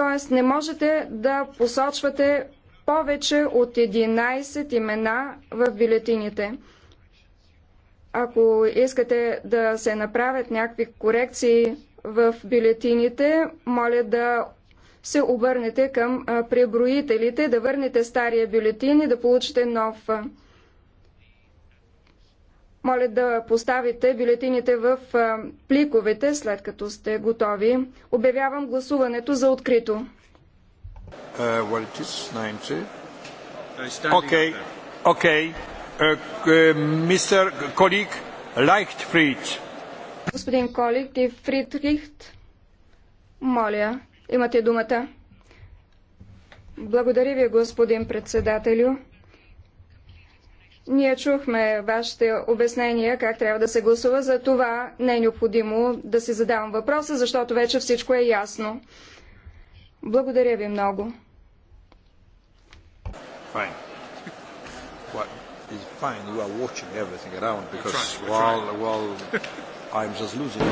Тоест не можете да посочвате повече от 11 имена в бюлетините. Ако искате да се направят някакви корекции в бюлетините, моля да се обърнете към преброителите, да върнете стария бюлетин и да получите нов. Моля да поставите бюлетините в пликовете, след като сте готови. Обявявам гласуването за открито. Окей, окей. Мистер Колик, 90. Господин Колик и Фридрихт, моля, имате думата. Благодаря ви, господин председателю. Ние чухме вашите обяснения как трябва да се гласува, за това не е необходимо да си задавам въпроса, защото вече всичко е ясно. Благодаря ви много. Fine. What is fine, you are watching everything around because while, while I'm just losing.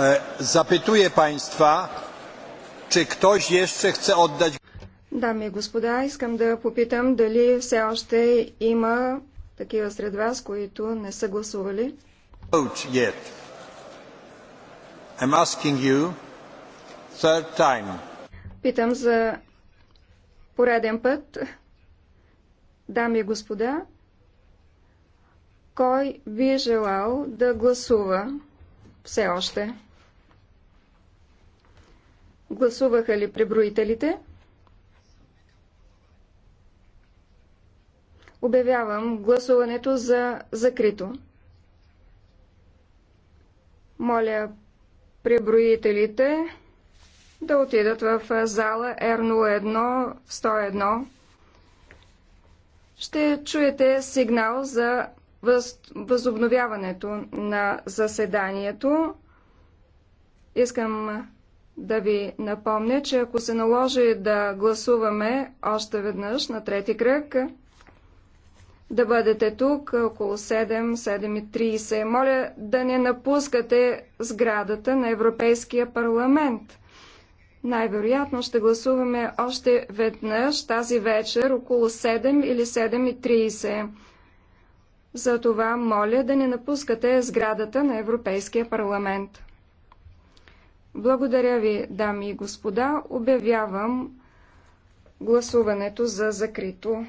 E, zapytuję państwa, czy ktoś jeszcze chce oddać... Дами и господа, искам да попитам дали все още има такива сред вас, които не са гласували. Yet. I'm asking you third time. Питам за пореден път. Дами господа, кой би желал да гласува все още? Гласуваха ли преброителите? Обявявам гласуването за закрито. Моля преброителите да отидат в зала R01 101. Ще чуете сигнал за въз... възобновяването на заседанието. Искам да ви напомня, че ако се наложи да гласуваме още веднъж на трети кръг, да бъдете тук около 7-7.30. Моля да не напускате сградата на Европейския парламент. Най-вероятно ще гласуваме още веднъж тази вечер около 7 или 7.30. за това моля да не напускате сградата на Европейския парламент. Благодаря ви, дами и господа. Обявявам гласуването за закрито.